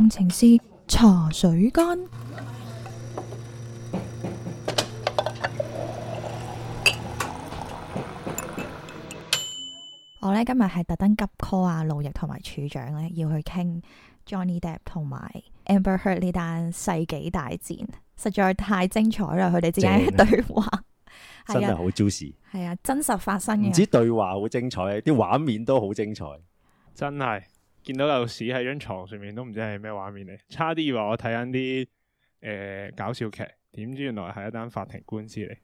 工程師，茶水間。 我咧今日係特登急 call 啊，路易同埋處長咧要去傾 Johnny Depp 同埋 Amber Heard 呢單世紀大戰，實在太精彩啦！佢哋之間嘅對話，真係好 juicy、 啊。係啊，真實發生嘅。唔知對話好精彩，啲畫面都好精彩，真係。見到有屎喺張床上面，都唔知係咩畫面嚟。差啲以為我睇緊啲誒搞笑劇，點知原來係一單法庭官司嚟。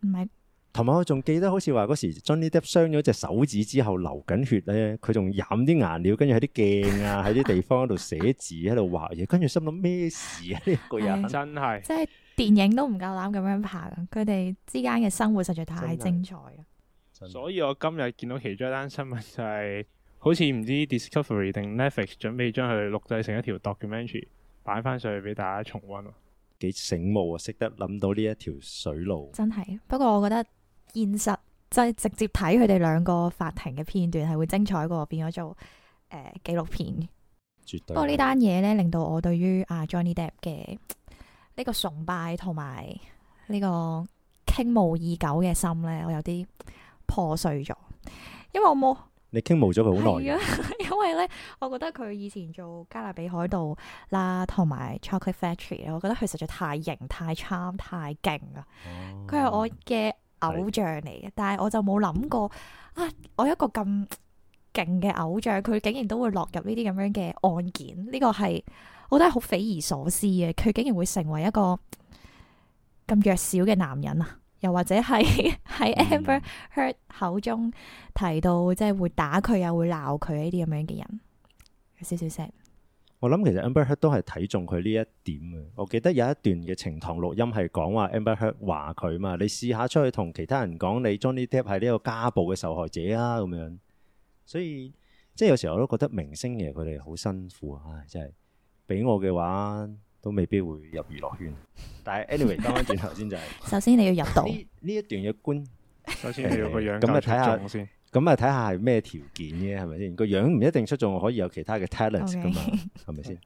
唔係是。同埋我仲記得，好似話嗰時 Johnny Depp 傷咗隻手指之後流緊血咧，佢仲飲啲顏料，跟住喺啲鏡啊，喺啲地方喺度寫字，喺度畫嘢，跟住心諗咩事啊？呢、這個人真係。即係電影都唔夠膽咁樣拍，佢哋之間嘅生活實在太精彩啊！所以我今日見到其中一單新聞就係、是。好似唔知 Discovery 定 Netflix，準備將佢錄製成一條 documentary 擺翻上去俾大家重溫咯。幾醒目啊！識得諗到呢一條水路。真係，不過我覺得現實即係、就是、直接睇佢哋兩個法庭嘅片段係會精彩過變咗做誒、呃、紀錄片。絕對。不過呢單嘢咧，令到我對於阿 Johnny Depp 嘅呢個崇拜同埋呢個傾慕已久嘅心咧，我有啲破碎咗，因為我冇。你傾慕咗佢好耐，因為咧，我覺得佢以前做加勒比海盜啦，同埋 Chocolate Factory 我覺得佢實在太型、太 charm 太勁啊！佢係、哦、我嘅偶像嚟嘅。的但係我就冇諗過啊！我一個咁勁嘅偶像，佢竟然都會落入呢啲咁樣嘅案件，呢、呢個係我覺得係好匪夷所思嘅。佢竟然會成為一個咁弱小嘅男人啊！又或者係喺 Amber Heard 口中提到，嗯、即係會打佢呀會鬧佢呢啲咁樣嘅人，有少少聲。我諗其實 Amber Heard 都係睇中佢呢一點嘅。我記得有一段嘅呈堂錄音係講話 Amber Heard 話佢嘛，你試下出去同其他人講你 Johnny Depp 係呢個家暴嘅受害者啊咁樣。所以即係有時候我都覺得明星嘅佢哋好辛苦啊、哎，真係。俾我嘅話。都未必會入娛樂圈，但係 anyway，翻翻轉頭先就係、是， 首先你要入到呢一段嘅官， 首先你要個樣夠出眾先，咁啊睇下先，咁啊睇下係咩條件嘅係咪先？個樣唔一定出眾，可以有其他嘅 talent 噶嘛 Okay，係咪先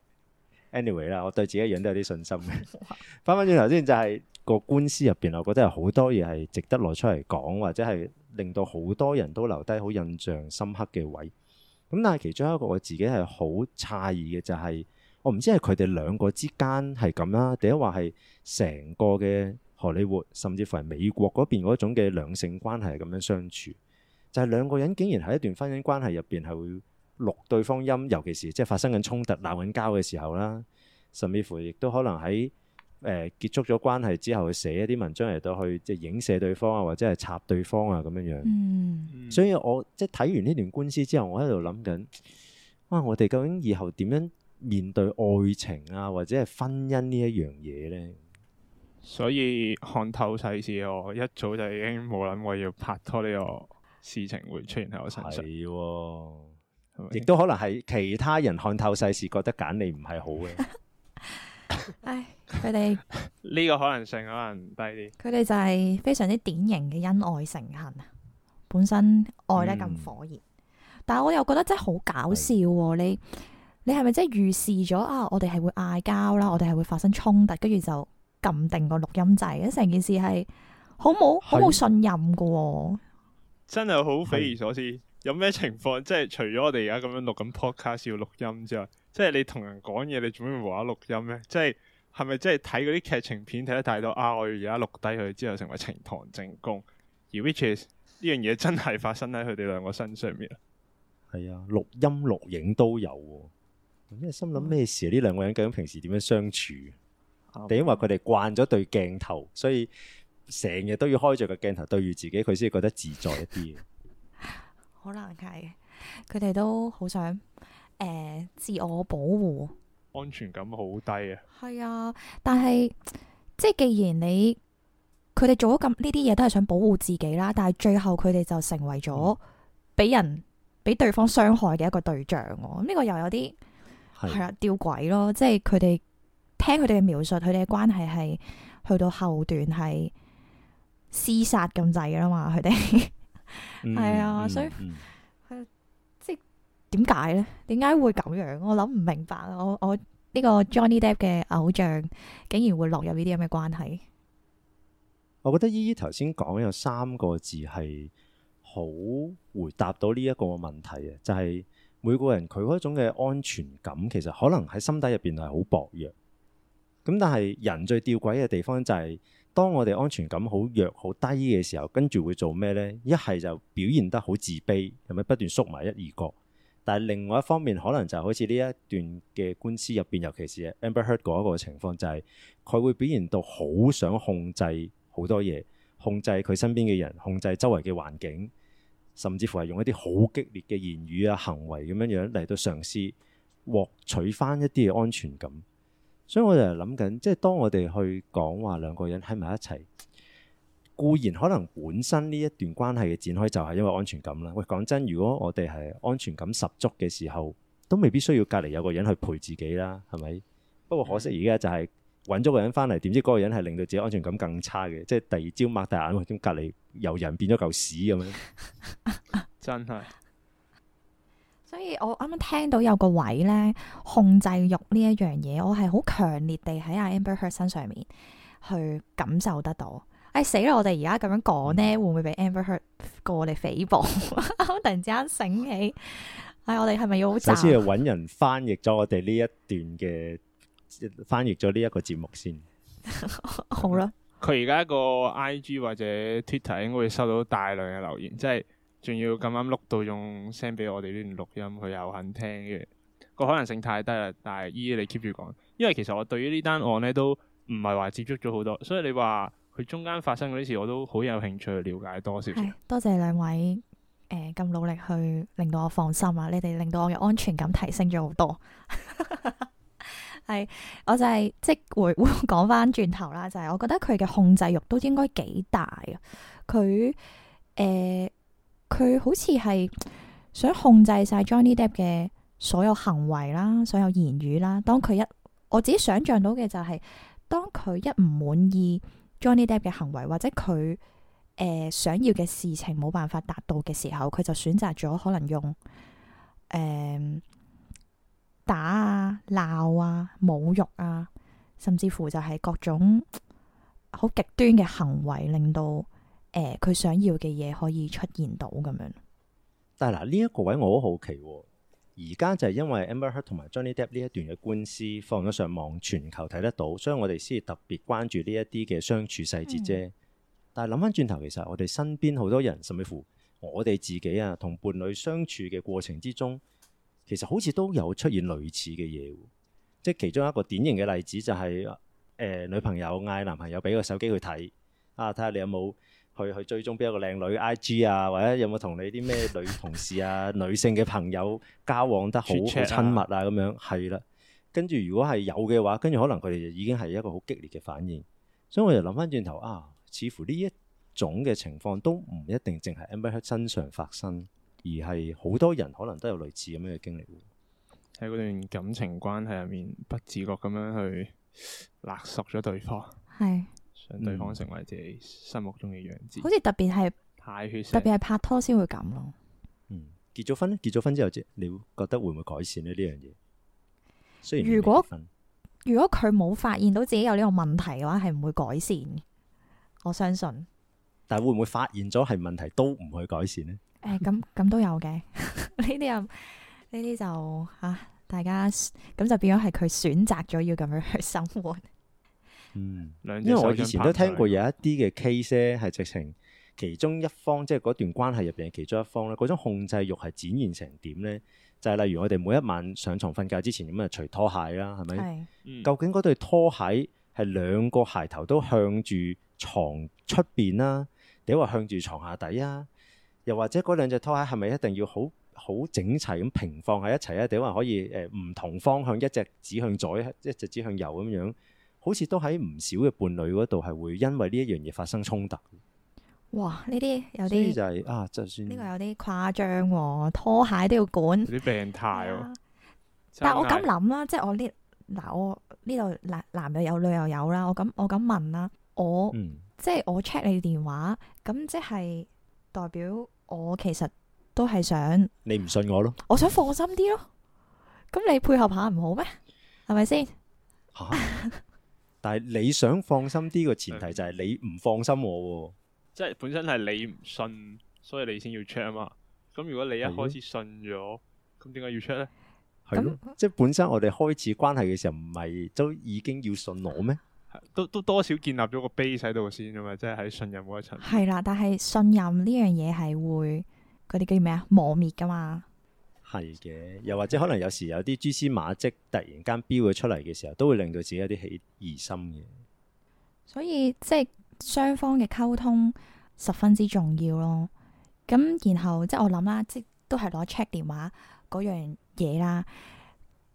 ？anyway 啦，我對自己嘅樣都有啲信心嘅。翻翻轉頭先就係、是這個官司入邊，我覺得有好多嘢係值得攞出嚟講，或者係令到好多人都留低好印象深刻嘅位。咁但係其中一個我自己係好詫異嘅就係、是。我唔知係佢哋兩個之間係咁啦，第一話係成個嘅荷里活，甚至乎係美國嗰邊嗰種嘅兩性關係係咁樣相處，就係、是、兩個人竟然喺一段婚姻關係入邊係會錄對方音，尤其是即係發生緊衝突鬧緊交嘅時候啦，甚至乎亦都可能喺誒、呃、結束咗關係之後去寫一啲文章嚟到去即係影射對方啊，或者係插對方啊咁樣樣。嗯，所以我即係睇完呢段官司之後，我喺度諗緊，哇！我哋究竟以後點樣？面對愛情啊，或者係婚姻呢一樣嘢呢，所以看透世事我一早就已經冇諗過要拍拖呢個事情會出現喺我身上，亦、哦、都可能係其他人看透世事，覺得揀你唔係好嘅。唉 、哎，佢哋呢個可能性可能低啲。佢哋 就係非常之典型嘅恩愛成恨啊，本身愛得咁火熱，嗯、但係我又覺得真係好搞笑喎、啊，你對。 你係咪真係預示咗啊？我哋係會嗌交啦，我哋係會發生衝突，跟住就撳定個錄音掣，成件事係好冇的好冇信任噶、哦。真係好匪夷所思！的有咩情況？即係除咗我哋而家咁樣錄緊 podcast 要錄音之外，即係你同人講嘢，你做咩無啦啦錄音呢？即係係咪即係睇嗰啲劇情片睇得太多啊？我而家錄低佢，之後成為呈堂證供。而 which is 呢樣嘢真係發生喺佢哋兩個身上面？係啊，錄音錄影都有。咩心諗咩事啊？呢兩個人究竟平時點樣相處？定、嗯、因為佢哋慣咗對鏡頭，所以成日都要開着個鏡頭對住自己，佢先覺得自在一啲。好 難睇，佢哋都好想誒、呃、自我保護，安全感好低啊。係啊，但係即係，既然你佢哋做咗咁呢啲嘢，都係想保護自己啦。但係最後佢哋就成為咗俾人俾、嗯、對方傷害嘅一個對象。咁、這、呢個又有啲。係啊，吊詭咯，即係佢哋聽佢哋嘅描述，佢哋嘅關係係去到後段係廝殺咁滯㗎啦嘛，佢哋係啊，所以、嗯嗯、即係點解咧？點解會咁樣？我諗唔明白啊！我我呢個 Johnny Depp 嘅偶像竟然會落入呢啲咁嘅關係。我覺得依依頭先講有三個字係好回答到呢一個問題嘅，就係、是。每個人佢嗰種嘅安全感，其實可能喺心底入邊係好薄弱。咁但係人最吊詭嘅地方就係、是，當我哋安全感好弱、好低嘅時候，跟住會做咩呢？一係就表現得好自卑，同埋不斷縮埋一二角。但係另外一方面，可能就好似呢一段嘅官司入邊，尤其是 Amber Heard 嗰個情況、就是，就係佢會表現到好想控制好多嘢，控制佢身邊嘅人，控制周圍嘅環境。甚至乎係用一啲好激烈嘅言語啊、行為咁樣樣嚟到嘗試獲取返一啲嘅安全感，所以我就係諗緊，即係當我哋去講話兩個人喺埋一齊，固然可能本身呢一段關係嘅展開就係因為安全感啦。喂，講真，如果我哋係安全感十足嘅時候，都未必需要隔離有個人去陪自己啦，係咪？不過可惜而家就係、是。揾咗個人翻嚟，點知嗰個人係令到自己安全感更差嘅，即係第二朝擘大眼，咁隔離由人變咗嚿屎咁樣， 真係的。 所以我啱啱聽到有個位咧，控制欲呢一樣嘢，我係好強烈地喺阿 Amber Heard 身上面去感受得到。哎死啦！我哋而家咁樣講咧，會唔會俾 Amber Heard 過嚟誹謗？ 突然之間醒起，哎，我哋係咪要首先嚟揾人翻譯咗我哋呢一段嘅？翻譯咗呢一個節目先， 好啦吧。佢而家個 I G 或者 Twitter 應該會收到大量嘅留言，即係仲要咁啱碌到用 send 俾我哋呢段錄音，佢又肯聽嘅，個可能性太低啦。但係依你 keep 住講，因為其實我對於呢單案咧都唔係話接觸咗好多，所以你話佢中間發生嗰啲事，我都好有興趣去了解多少。係、哎、多謝兩位誒咁、呃、努力去令到我放心啊！你哋令到我嘅安全感提升咗好多。 係，我就係、是、即係回回講翻轉頭啦，就係、是、我覺得佢嘅控制欲都應該幾大啊！佢誒佢好似係想控制晒 Johnny Depp 嘅所有行為啦，所有言語啦。當佢一我自己想像到嘅就係、是，當佢一唔滿意 Johnny Depp 嘅行為或者佢誒、呃、想要嘅事情冇辦法達到嘅時候，佢就選擇咗可能用誒。呃打啊、鬧啊、侮辱啊，甚至乎就係各種好極端嘅行為，令到誒佢、呃、想要嘅嘢，可以出現到咁樣。但係嗱，呢、這、一個位我好好奇、哦，而家就係因為 Amber Heard 和同埋 Johnny Depp 呢一段嘅官司放咗上網，全球睇得到，所以我哋先至特別關注呢一啲嘅相處細節啫。嗯、但係諗翻轉頭，其實我哋身邊好多人，甚至乎我哋自己啊，同伴侶相處嘅過程之中。其實好似都有出現類似嘅嘢，即係其中一個典型嘅例子就係、是、誒、呃、女朋友嗌男朋友俾個手機去睇，啊，睇下你有冇去去追蹤邊一個靚女 I G 啊，或者有冇同你啲咩女同事啊、 女性嘅朋友交往得好親 密啊咁、啊、樣，係啦。跟住如果係有嘅話，跟住可能佢哋已經係一個好激烈嘅反應。所以我就諗翻轉頭啊，似乎呢一種嘅情況都唔一定淨係 Amber Heard 身上發生。而係好多人可能都有類似咁樣嘅經歷，喺嗰段感情關係入面，不自覺咁樣去勒索咗對方，係是想對方成為自己心目中嘅樣子。嗯、好似特別係太血，特別係拍拖先會咁咯。嗯，結咗婚咧，結咗婚之後，即你會覺得會唔會改善呢？呢樣嘢，如果如果佢冇發現到自己有呢個問題嘅話，係唔會改善嘅。我相信，但係會唔會發現咗係問題都唔去改善呢？誒，咁咁、欸、都有嘅，呢啲又呢啲就吓、啊，大家咁就變咗係佢選擇咗要咁樣去生活。嗯，因為我以前都聽過有一啲嘅 case 係直情，其中一方、嗯、即係嗰段關係入邊嘅其中一方咧，嗰種控制慾係展現成點咧？就係、是、例如我哋每一晚上床瞓覺之前咁啊，除拖鞋啦，係咪？嗯，究竟嗰對拖鞋係兩個鞋頭都向住床出邊啦，定話向住床下底啊？又或者嗰兩隻拖鞋係咪一定要好好整齊咁平放喺一齊咧？定話可以誒唔、呃、同方向，一隻指向左，一隻指向右咁樣，好似都喺唔少嘅伴侶嗰度係會因為呢一樣嘢發生衝突。哇！呢啲有啲就係、是、啊，就算呢個有啲誇張喎、啊，拖鞋都要管，有啲病態喎、啊。啊、的但係我咁諗啦，即係我呢嗱，我呢度男男又有女又有啦。我咁我咁問啦，我、啊我嗯、即係我 check 你電話，咁即係代表。我其實都係想你唔信我咯，我想放心啲咯。咁你配合下唔好咩？係咪先？吓、啊！ 但係你想放心啲個前提就係你唔放心我，即係本身係你唔信，所以你先要 check 啊嘛。咁如果你一開始信咗，咁點解要 check 咧？係咯，那即係本身我哋開始關係嘅時候，唔係都已經要信我咩？都都多少建立咗個 base 喺度先㗎嘛，即係喺信任嗰一層。係啦，但係信任呢樣嘢係會佢哋叫咩啊？磨滅噶嘛？係嘅，又或者可能有時有啲蛛絲馬跡突然間飆咗出嚟嘅時候，都會令到自己有啲起疑心嘅。所以即係雙方嘅溝通十分之重要咯。咁然後即係我諗啦，即都係攞 check 電話嗰樣嘢啦，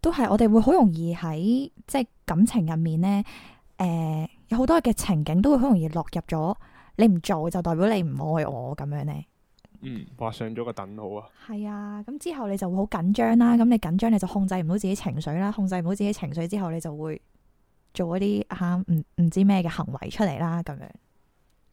都係我哋會好容易喺即係感情入面咧。誒、呃，有好多嘅情景都會好容易落入咗，你唔做就代表你唔愛我咁樣呢，嗯，畫上咗個等號啊。係啊，咁之後你就會好緊張啦。咁你緊張你就控制唔到自己情緒啦，控制唔到自己情緒之後，你就會做一啲吓唔唔知咩嘅行為出嚟啦。咁樣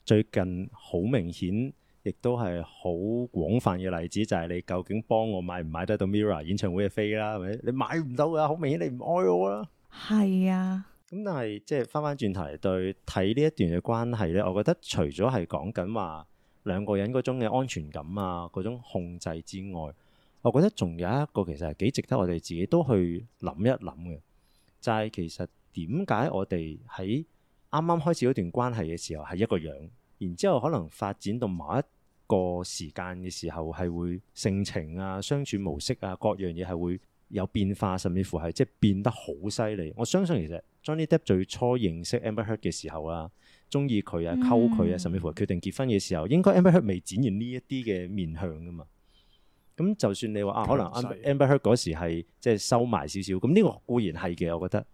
最近好明顯，亦都係好廣泛嘅例子，就係你究竟幫我買唔買得到 Mirror 演唱會嘅飛啦？係咪？你買唔到啊，好明顯你唔愛我啊，係啊。咁但係即係翻翻轉頭嚟，對睇呢一段嘅關係咧，我覺得除咗係講緊話兩個人嗰種嘅安全感啊，嗰種控制之外，我覺得仲有一個其實係幾值得我哋自己都去諗一諗嘅，就係、是、其實點解我哋喺啱啱開始嗰段關係嘅時候係一個樣，然之後可能發展到某一個時間嘅時候係會性情啊、相處模式啊、各樣嘢係會有變化，甚至乎係即係變得好犀利。我相信其實。Johnny Depp 最初認識 Amber Heard 嘅時候啊，中意佢啊，溝佢啊，甚至、嗯、乎、啊、決定結婚嘅時候，應該 Amber Heard 未展現呢一啲嘅面向噶嘛？咁就算你話啊，可能 Amber Heard 嗰時係即係收埋少少，咁呢個固然係嘅，我覺得。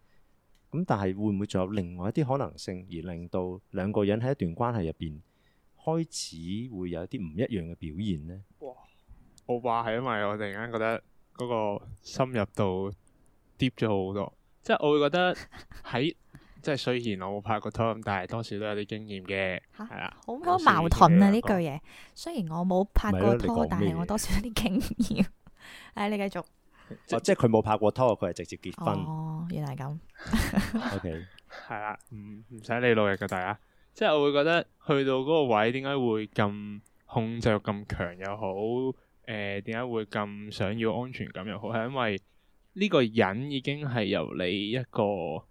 咁但係會唔會仲有另外一啲可能性，而令到兩個人喺一段關係入邊開始會有一啲唔一樣嘅表現呢？哇！我話係因為我突然間覺得嗰個深入度 deep 咗好多。即係我會覺得喺即係雖然我冇拍過拖咁，但係多少都有啲經驗嘅，係啊，好矛盾啊呢句嘢。雖然我冇拍過拖，但係、啊、我多少有啲經驗。誒，你繼續。即係佢冇拍過拖，佢係直接結婚。哦、原來係咁。 OK，係啦，唔唔使你努力嘅大家。即係我會覺得去到嗰個位，點解會咁控制咁強又好？誒、呃，點解會咁想要安全感又好？係因為。呢個人已經係由你一個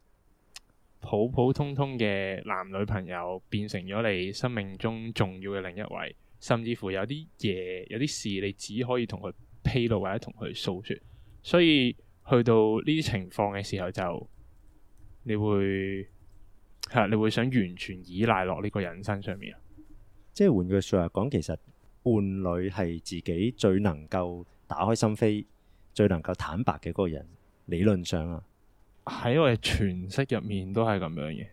普普通通嘅男女朋友變成咗你生命中重要嘅另一位，甚至乎有啲嘢、有啲事，你只可以同佢披露或者同佢訴説。所以去到呢啲情況嘅時候就，就你會嚇，你會想完全依賴落呢個人身上面啊！即係換句説話講，其實伴侶係自己最能夠打開心扉，最能夠坦白嘅嗰個人，理論上啊，喺我哋詮釋入面都係咁樣嘅。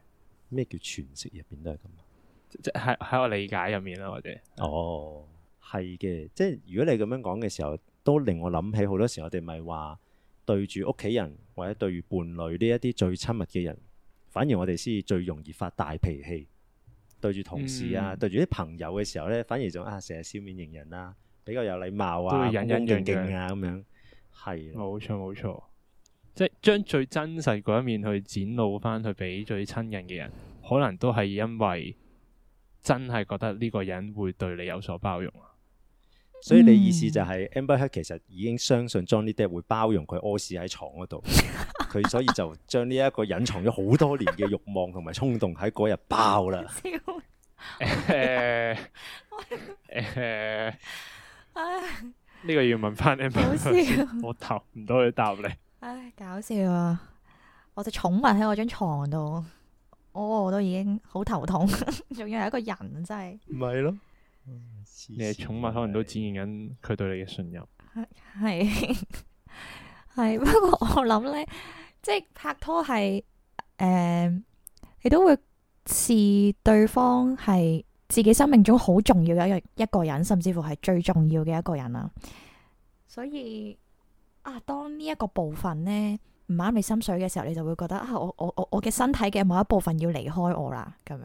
咩叫詮釋入面都係咁啊？即係喺我理解入面啦，我哋。哦，係嘅。即係如果你咁樣講嘅時候，都令我諗起好多時，我哋咪話對住屋企人或者對住伴侶呢一啲最親密嘅人，反而我哋先至最容易發大脾氣。對住同事啊，對住啲朋友嘅時候咧，反而仲啊成日笑面迎人啊，比較有禮貌啊，恭恭敬敬啊咁樣。係，冇錯冇錯，即係將最真實嗰一面去展露翻，去俾最親近嘅人，可能都係因為真係覺得呢個人會對你有所包容啊。嗯、所以你意思就係、是、，Amber Heard 其實已經相信 Johnny Depp 會包容佢屙屎喺床嗰度，佢所以就將呢一個隱藏咗好多年嘅欲望同埋衝動喺嗰日爆啦。呢個要問翻你、啊， 我頭唔到佢答你。唉、哎，搞笑啊！我隻寵物喺我張床度，我我都已經好頭痛，仲 要係一個人，真係。唔係咯，你隻寵物是可能都展現緊佢對你嘅信任。係係、哎， 不過我諗咧，即、就、係、是、拍拖係，誒、呃，你都會視對方係。自己生命中好重要嘅一一個人，甚至乎係最重要嘅一個人啦。所以啊，當呢一個部分咧唔啱你心水嘅時候，你就會覺得啊，我我我我嘅身體嘅某一部分要離開我啦，咁樣，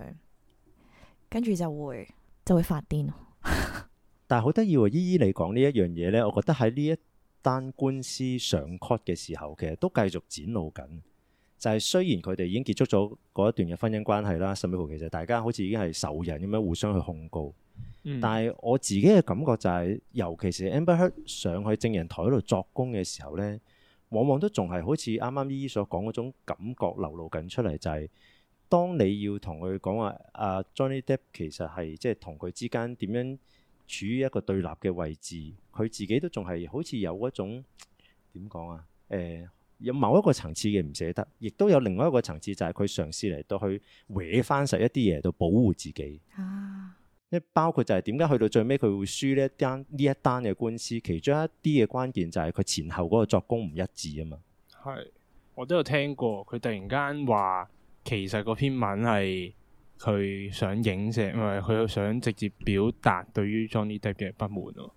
跟住就會就會發癲。 但係好得意喎，依依你講呢一樣嘢咧，我覺得喺呢一單官司上 cut 嘅時候，其實都繼續展露緊。就係雖然佢哋已經結束咗嗰一段嘅婚姻關係啦，甚至乎其實大家好似已經係仇人咁樣互相去控告。嗯、但係我自己嘅感覺就係、是，尤其是 Amber Heard 上去證人台度作供嘅時候咧，往往都仲係好似啱啱依依所講嗰種感覺流露緊出嚟，就係、是、當你要同佢講話，阿、啊、Johnny Depp 其實係即係同佢之間點樣處於一個對立嘅位置，佢自己都仲係好似有一種點講啊？誒、呃。有某一個層次嘅唔捨得，亦都有另外一個層次，就係佢嘗試嚟到去搲翻實一啲嘢，到保護自己。啊，即包括就係點解去到最尾佢會輸呢一單，呢一單嘅官司，其中一啲嘅關鍵就係佢前後嗰個作供唔一致啊嘛。係，我都有聽過佢突然間話，其實嗰篇文係佢想影射，因為佢又想直接表達對於 Johnny Depp 嘅不滿咯。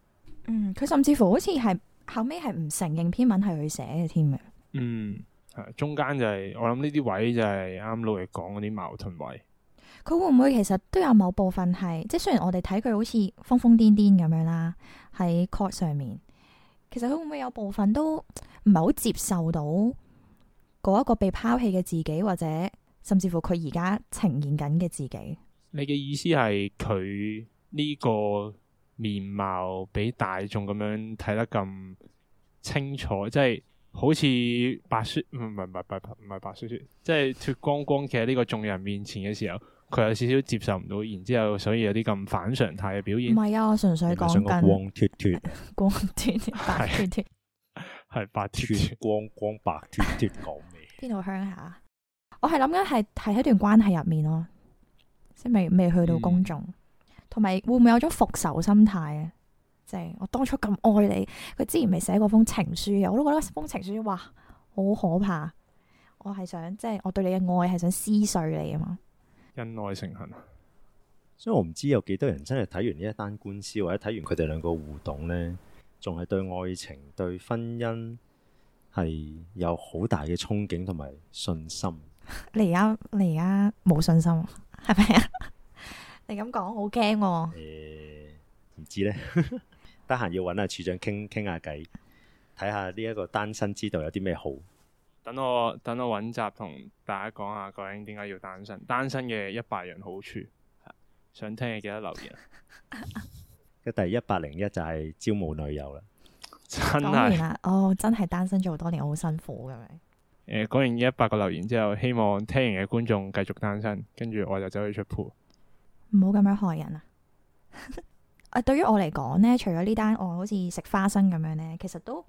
嗯，佢甚至乎好似係後尾係唔承認篇文係佢寫嘅添嘅。嗯，中間就係、是，我諗呢啲位就係啱老嘢講嗰啲矛盾位。佢會唔會其實都有某部分係即係雖然我哋睇佢好似瘋瘋癲癲咁樣啦，喺 court 上面，其實佢會唔會有部分都唔係好接受到嗰一個被拋棄嘅自己，或者甚至乎佢而家呈現緊嘅自己。你嘅意思係佢呢個面貌俾大眾咁樣睇得咁清楚，即係。好似白雪唔係唔係白唔係白雪雪，即係脫光光企喺呢個眾人面前嘅時候，佢有少少接受唔到，然之後所以有啲咁反常態嘅表現。唔係啊，我純粹講緊光脫脫，光脫脫白脫脫係白脫脫光光白脫脫講咩？邊度鄉下？我係諗緊係係喺段關係入面咯，即係未未去到公眾，同埋、嗯、會唔會有種復仇心態啊？我當初咁愛你，佢之前未寫過封情，封情書，我都覺得封情書哇好可怕。我係想即係、就是、我對你嘅愛係想撕碎你啊嘛。因愛成恨，所以我唔知有幾多人真係睇完呢一單官司，或者睇完佢哋兩個互動呢，仲係對愛情、對婚姻係有好大嘅憧憬同埋信心。 你而家，你而家冇信心係咪啊？ 你咁講好驚哦。誒，唔、呃、知呢？ 得閒要揾阿處長傾傾下偈，睇下呢一個單身之道有啲咩好。等我等我揾集同大家講下，究竟點解要單身？單身嘅一百樣好處，想聽嘅記得留言。一 第一百零一就係招募女友啦，真係的、啊。哦，真係單身咗好多年，我好辛苦嘅。誒，講完一百個留言之後，希望聽完嘅觀眾繼續單身，跟住我就走去出鋪。唔好咁樣害人啊！ 啊，對於我嚟講呢，除咗呢單案好似食花生咁樣呢，其實都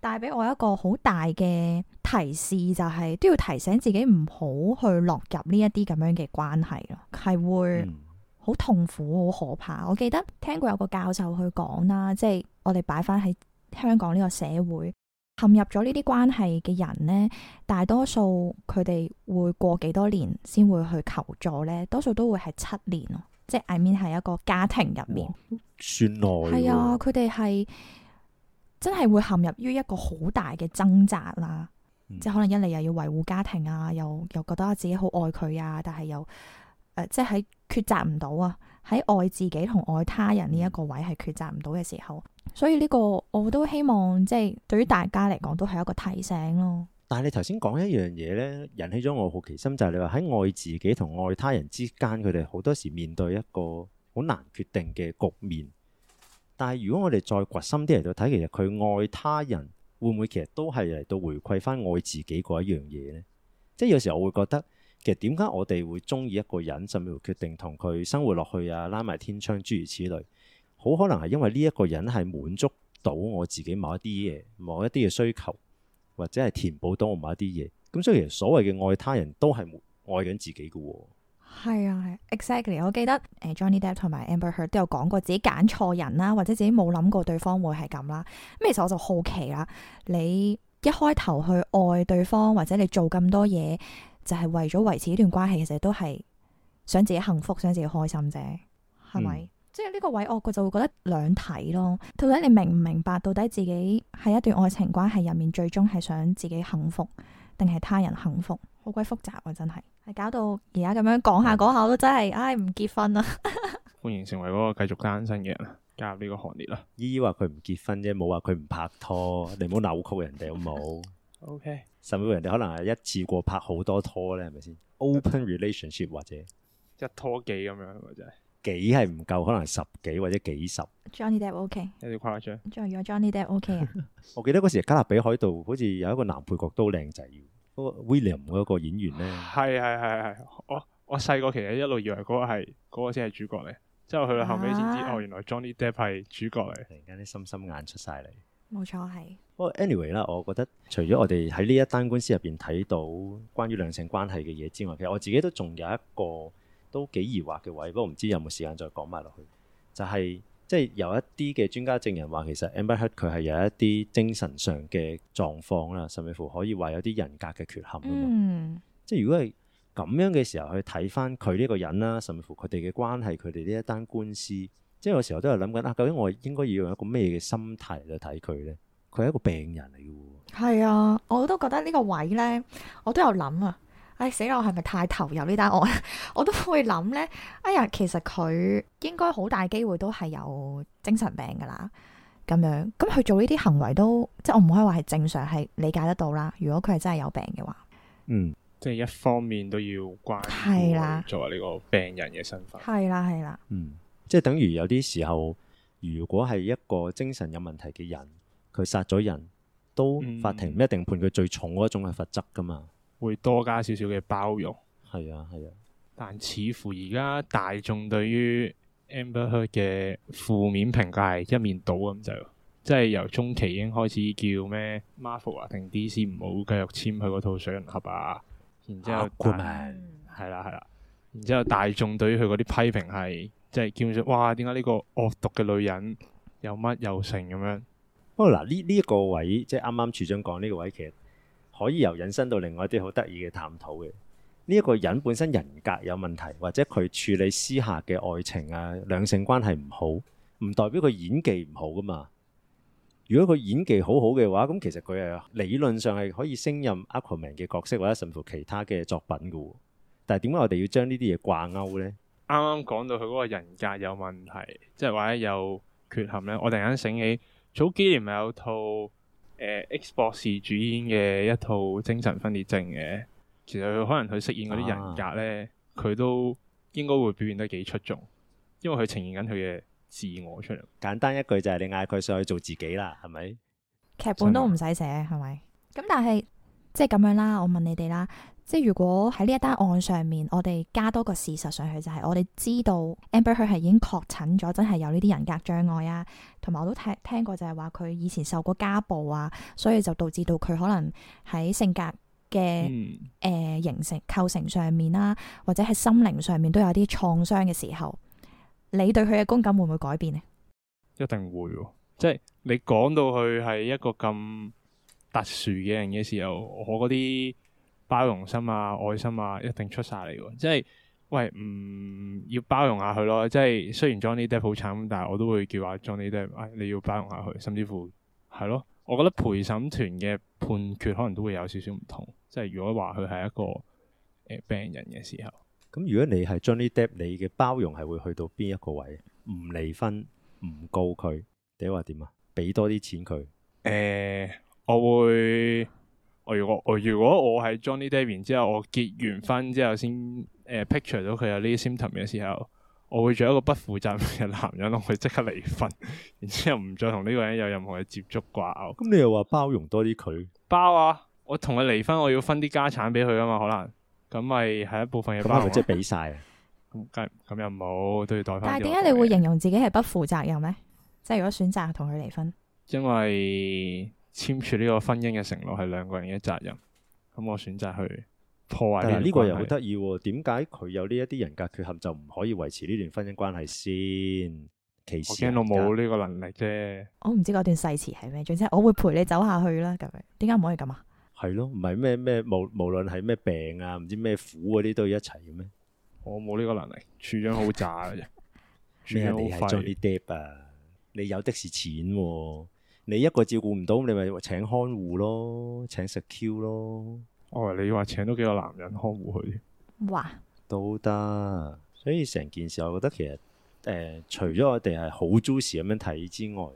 帶俾我一個好大嘅提示，就係都要提醒自己唔好去落入呢一啲咁樣嘅關係咯，係會好痛苦、好可怕。我記得聽過有個教授去講啦，即係我哋擺返喺香港呢個社會，陷入咗呢啲關係嘅人呢，大多數佢哋會過幾多年先會去求助呢，多數都會係七年咯。即係面 m 係一個家庭入面算耐。係啊。佢哋係真係會陷入於一個好大嘅掙扎啦。嗯、即係可能一嚟又要維護家庭啊，又又覺得自己好愛佢啊，但係又誒、呃，即係喺抉擇唔到啊。喺愛自己同愛他人呢一個位係抉擇唔到嘅時候，嗯、所以呢個我都希望即係對於大家嚟講都係一個提醒咯。但係你頭先講一樣嘢咧，引起咗我好奇心，就係你話喺愛自己同愛他人之間，佢哋好多時面對一個好難決定嘅局面。但係如果我哋再掘深啲嚟到睇，其實佢愛他人會唔會其實都係嚟到回饋返愛自己嗰一樣嘢咧？即係有時候我會覺得，其實點解我哋會中意一個人，甚至乎決定同佢生活落去啊，拉埋天窗諸如此類，好可能係因為呢一個人係滿足到我自己某一啲嘢、某一啲嘅需求。或者係填補當我買一啲嘢，咁所以其實所謂嘅愛他人都係愛緊自己嘅。係啊，係 exactly。我記得誒，Johnny Depp 同埋 Amber Heard 都有講過自己揀錯人啦，或者自己冇諗過對方會係咁啦。咁其實我就好奇啦，你一開頭去愛對方，或者你做咁多嘢，就係為咗維持呢段關係，其實都係想自己幸福，想自己開心啫，係咪、嗯？即係呢個位，我佢就會覺得兩睇咯。到底你明唔明白？到底自己喺一段愛情關係入面，最終係想自己幸福，定係他人幸福？好鬼複雜啊！真係，係搞到而家咁樣講下講下都真係，唉、哎，唔結婚啦！ 歡迎成為嗰個繼續單身嘅人啦，加入呢個行列啦。依依話佢唔結婚啫，冇話佢唔拍拖。你唔好扭曲人哋好唔好？OK，甚至乎人哋可能係一次過拍好多拖咧，係咪先？Open relationship 或者一拖幾咁樣、樣，係咪真係？幾係唔夠，可能十幾或者幾十。Johnny Depp OK， 有啲誇張。Johnny Johnny Depp OK。 我記得嗰時加勒比海盜好似有一個男配角都靚仔，嗰、那個、William 嗰個演員咧。係係係係我我細個其實一路以為嗰個係嗰個先係主角嚟，之後去到後尾先知、啊、哦，原來 Johnny Depp 係主角嚟。突然間啲心心眼出晒嚟，冇錯係。不過、well, anyway 啦，我覺得除咗我哋喺呢一單官司入邊睇到關於兩性關係嘅嘢之外，其實我自己都仲有一個。都幾疑惑嘅位，不過唔知有冇時間再講埋落去。就係、是、即係有一啲嘅專家證人話，其實 Amber Heard 佢係有一啲精神上嘅狀況啦，甚至乎可以話有啲人格嘅缺陷啊。嗯，即係如果係咁樣嘅時候去睇翻佢呢個人啦，甚至乎佢哋嘅關係，佢哋呢一單官司，即係有時候都係諗緊啊，究竟我應該要用一個咩嘅心態去睇佢咧？佢係一個病人嚟嘅喎。係啊，我都覺得呢個位咧，我都有諗啊。唉、哎、死啦！我係咪太投入呢單案？ 我都會諗呢。哎呀，其實佢應該好大機會都係有精神病噶啦。咁樣咁佢做呢啲行為都，即係我唔可以話係正常，係理解得到啦。如果佢係真係有病嘅話，嗯，即係一方面都要關係啦，作為呢個病人嘅身份，係啦係啦，啊啊、嗯，即係等如有啲時候，如果係一個精神有問題嘅人，佢殺咗人都法庭唔一定判佢最重嗰種嘅罰則噶嘛。會多加少少嘅包容，係啊係啊，啊但似乎而家大眾對於 Amber Heard 嘅負面評價一面倒咁就，即係由中期已經開始叫咩 Marvel 定、啊、DC 唔好繼續簽佢嗰套水行俠啊，然之後係啦係啦，然之後大眾對於佢嗰啲批評係，即、就、係、是、叫做：「上，哇，點解呢個惡毒嘅女人有乜有性咁樣？哦嗱，呢呢一個位，即係啱啱處長講呢個位，其實。可以由引申到另外一啲好得意嘅探討嘅，呢一個人本身人格有問題，或者佢處理私下嘅愛情啊、兩性關係唔好，唔代表佢演技唔好噶嘛。如果佢演技好好嘅話，咁其實佢係理論上係可以升任 Aquaman 嘅角色，或者甚至乎其他嘅作品噶。但係點解我哋要將呢啲嘢掛鈎呢？啱啱講到佢嗰個人格有問題，即係或者有缺陷呢。我突然間醒起，早幾年咪有套。誒 X 博士主演嘅一套精神分裂症嘅，其實佢可能佢飾演嗰啲人格呢，佢、啊、都應該會表現得幾出眾，因為佢呈現緊佢嘅自我出嚟。簡單一句就係你嗌佢上去做自己啦，係咪？劇本都唔使寫，係咪嘅？咁但係即係咁樣啦，我問你哋啦。即係如果喺呢一單案上面，我哋加多個事實上去，就係、是、我哋知道 Amber 佢係已經確診咗，真係有呢啲人格障礙啊。同埋我都聽聽過，就係話佢以前受過家暴啊，所以就導致到佢可能喺性格嘅誒、嗯呃、形成構成上面啦，或者喺心靈上面都有啲創傷嘅時候，你對佢嘅觀感會唔會改變呢？一定會，即係你講到佢係一個咁特殊嘅人嘅時候，我嗰啲。包容心啊、愛心啊，一定出晒嚟喎！即係喂，唔、嗯、要包容下佢咯。即係雖然 Johnny Depp 好慘，但係我都會叫阿 Johnny Depp、哎、你要包容下佢。甚至乎係咯，我覺得陪審團嘅判決可能都會有少少唔同。即係如果話佢係一個誒、呃、病人嘅時候，咁如果你係 Johnny Depp，你嘅包容係會去到邊一個位？唔離婚，唔告佢，你話點啊？俾多啲錢佢？誒，我會。我如果我如果我係 Johnny David 之後，我結完婚之後先誒、呃、picture 咗佢有呢啲 symptom 嘅時候，我會做一個不負責任嘅男人咯，去即刻離婚，然之後唔再同呢個人有任何嘅接觸掛。咁你又話包容多啲佢？包啊！我同佢離婚，我要分啲家產俾佢啊嘛，可能咁咪係一部分嘅包。 即係俾晒啊？咁咁又唔好要袋翻。但係點解你會形容自己係不負責任咧？即係如果選擇同佢離婚，因為。簽署呢個婚姻嘅承諾係兩個人嘅責任，咁我選擇去破壞呢段關係。但呢個人好得意喎，點解佢有呢一啲人格缺陷就唔可以維持呢段婚姻關係先？其實我驚我冇呢個能力啫。我唔知嗰段誓詞係咩，總之我會陪你走下去啦。咁樣點解唔可以咁啊？係咯，唔係咩咩無無論係咩病啊，唔知咩苦嗰、啊、啲都要一齊嘅咩？我冇呢個能力，處長好渣嘅啫。你係做啲 Johnny Depp，你有的是錢、啊。你一個照顧唔到，你咪請看護咯，請食 Q 咯。哦，你話請多幾個男人看護佢？哇，都得。所以成件事，我覺得其實誒、呃，除咗我哋係好 juicy 咁樣睇之外，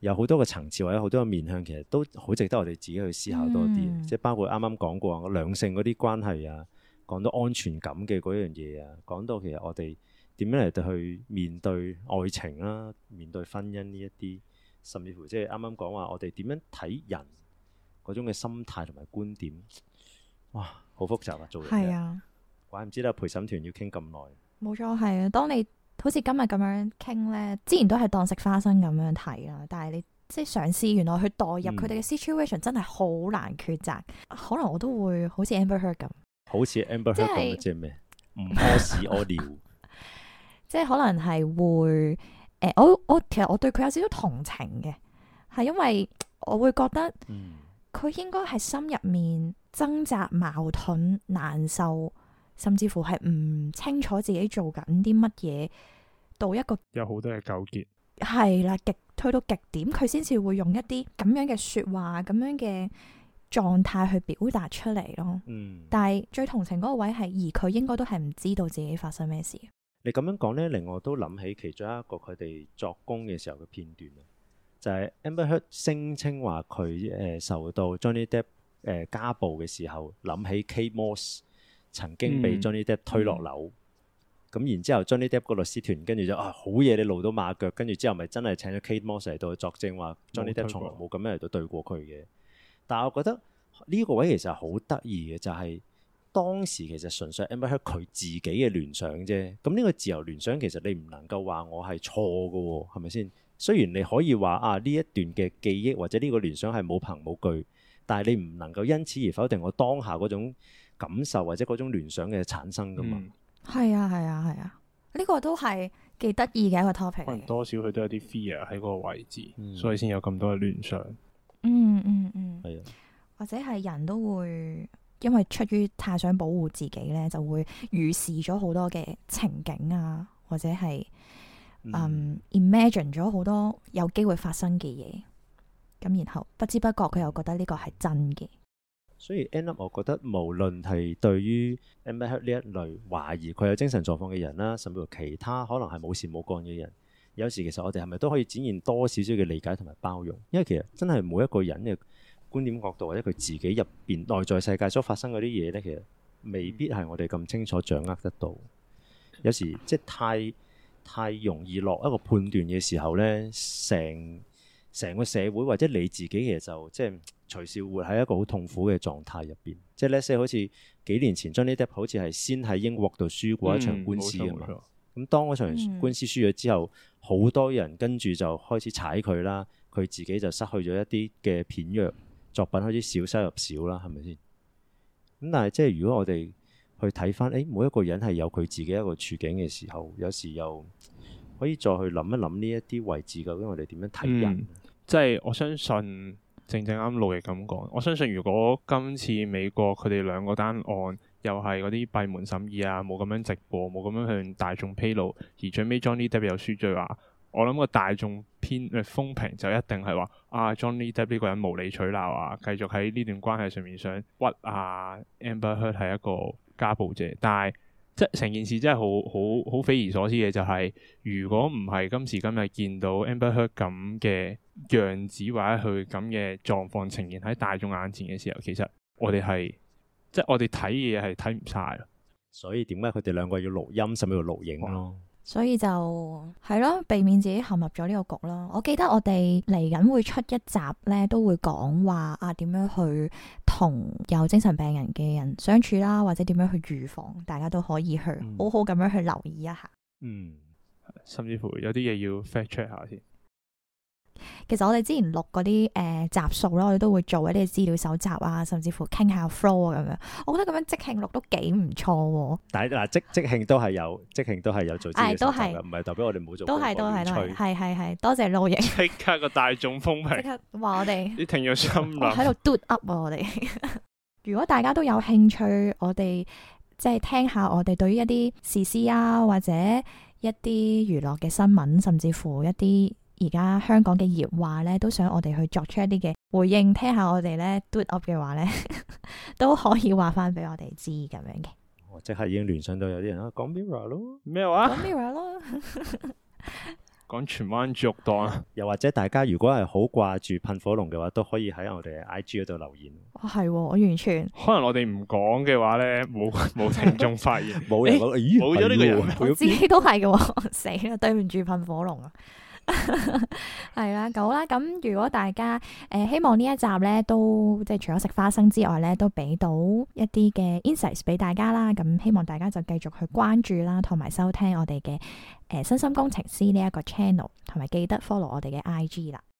有好多嘅層次，或者好多嘅面向，其實都好值得我哋自己去思考多啲。即係、嗯、包括啱啱講過兩啊，兩性嗰啲關係啊，講到安全感嘅嗰樣嘢啊，講到其實我哋點樣嚟到去面對愛情啦、啊，面對婚姻呢一啲。甚至乎即係啱啱講話，我哋點樣睇人嗰種嘅心態同埋觀點，哇，好複雜啊！做嘢，係啊、怪唔之得陪審團要傾咁耐。冇錯，係啊！當你好似今日咁樣傾咧，之前都係當食花生咁樣睇啊，但係你即係嘗試，原來去代入佢哋嘅 situation，真係好難抉擇。可能我都會好似 Amber Heard 咁，好似 Amber、就係、Heard 咁，即係咩？屙屎屙尿，即係可能係會。誒、欸，我我其實我對佢有少少同情嘅，係因為我會覺得佢應該係心入面掙扎、矛盾、難受，甚至乎係唔清楚自己做緊啲乜嘢，到一個有好多嘅糾結，係啦，極推到極點，佢先至會用一啲咁樣嘅說話、咁樣嘅狀態去表達出嚟咯。嗯，但係最同情嗰個位係，而佢應該都係唔知道自己發生咩事。你咁樣講咧，令我都諗起其中一個佢哋作工嘅時候嘅片段就係、是、Amber Heard 聲稱話佢誒受到 Johnny Depp、呃、家暴嘅時候，諗起 Kate Moss 曾經畀 Johnny Depp 推落樓，咁、嗯嗯、然之後 Johnny Depp 個律師團跟住就啊，好嘢，你露到馬腳，跟住之後咪真係請咗 Kate Moss 嚟到作證話 Johnny Depp 從來冇咁樣嚟到對過佢嘅。但係我覺得呢個位其實好得意嘅，就係、是。當時其實純粹係佢自己嘅聯想啫，咁呢個自由聯想其實你唔能夠話我係錯㗎，係咪先？雖然你可以話啊呢一段嘅記憶或者呢個聯想係冇憑冇據，但係你唔能夠因此而否定我當下嗰種感受或者嗰種聯想嘅產生噶嘛？係啊係啊係啊，呢、啊啊呢個都係幾得意嘅一個 topic。可能多少佢都有啲 fear 喺嗰個位置，嗯、所以先有咁多嘅聯想。嗯嗯嗯，係、嗯嗯、啊，或者係人都會。因為出於太想保護自己咧，就會預示咗好多嘅情景啊，或者係嗯 imagine 咗好多有機會發生嘅嘢，咁然後不知不覺佢又覺得呢個係真嘅。所以 end up，我覺得無論係對於 Amber 呢一類懷疑佢有精神狀況嘅人啦，甚至乎其他可能係冇事冇乾嘅人，有時其實我哋係咪都可以展現多少少嘅理解同埋包容？因為其實真係每一個人嘅。觀點角度，或者佢自己入邊內在世界所發生嗰啲嘢咧，其實未必係我哋咁清楚掌握得到。有時即係太太容易落一個判斷嘅時候咧，成成個社會或者你自己其實就即係隨時活喺一個好痛苦嘅狀態入邊。即係咧，即係好似幾年前 Johnny Depp，好似係先喺英國度輸過一場官司啊嘛。咁當嗰場官司輸咗之後，好多人跟住就開始踩佢啦。佢自己就失去咗一啲嘅片約，作品開始少，收入少啦，係咪先？咁但係即係如果我哋去睇翻，誒、欸、每一個人係有佢自己一個處境嘅時候，有時又可以再去諗一諗呢一啲位置嘅，因為我哋點樣睇人？即係、嗯就是、我相信，正正啱路亦咁講。我相信如果今次美國佢哋兩個單案又係嗰啲閉門審議啊，冇咁樣直播，冇咁樣向大眾披露，而最尾 Johnny Depp 又輸話，我諗個大眾篇嘅風評就一定係話啊，Johnny Depp 呢個人無理取鬧啊，繼續喺呢段關係上面想屈啊 Amber Heard 係一個家暴者。但係即係成件事真係好好好匪夷所思嘅就係、是，如果唔係今時今日見到 Amber Heard 咁嘅樣、樣子或者佢咁嘅狀況呈現喺大眾眼前嘅時候，其實我哋係即係我哋睇嘢係睇唔晒。所以點解佢哋兩個要錄音甚至要錄影咯？所以就係咯，避免自己陷入咗呢個局啦。我記得我哋嚟緊會出一集咧，都會講話啊，點樣去同有精神病人嘅人相處啦，或者點樣去預防，大家都可以去、嗯、好好咁樣去留意一下。嗯，嗯，甚至乎有啲嘢，要 fact check 下先。其實我哋之前錄嗰啲誒集數咧，我哋都會做一啲資料搜集啊，甚至乎傾下 flow 啊咁樣。我覺得咁樣即興錄都幾唔錯。但嗱，即即興都係有，即興都係有做資料搜集嘅，唔係代表我哋冇做。都係都係咯，係係係，多謝露營。即刻個大眾風評，即刻話我哋。你聽咗心啦，我喺度嘟 up 我哋。 如果大家都有興趣，我哋即係聽下我哋對於一啲時事啊，或者一啲娛樂嘅新聞，甚至乎一啲。而家香港嘅熱話咧，都想我哋去作出一啲嘅回應，聽下我哋咧 do up 嘅話咧，都可以話翻俾我哋知咁樣嘅。我即刻已經聯想到有啲人啦，講 mirror 咯，咩話？講 mirror 咯，講荃灣豬肉檔，又或者大家如果係好掛住噴火龍嘅話，都可以喺我哋 IG 嗰度留言。係，我完全可能我哋唔講嘅話咧，冇冇聽眾發現，冇人，咦？冇咗呢個人，我自己都係嘅，死啦，對唔住噴火龍啊！係啦， 好啦，咁如果大家誒、呃、希望呢一集呢都即係除咗食花生之外呢，都俾到一啲嘅 insight 俾大家啦。咁希望大家就繼續去關注啦，同埋收聽我哋嘅誒身心工程師呢一個 channel，同埋記得 follow 我哋嘅 IG 啦。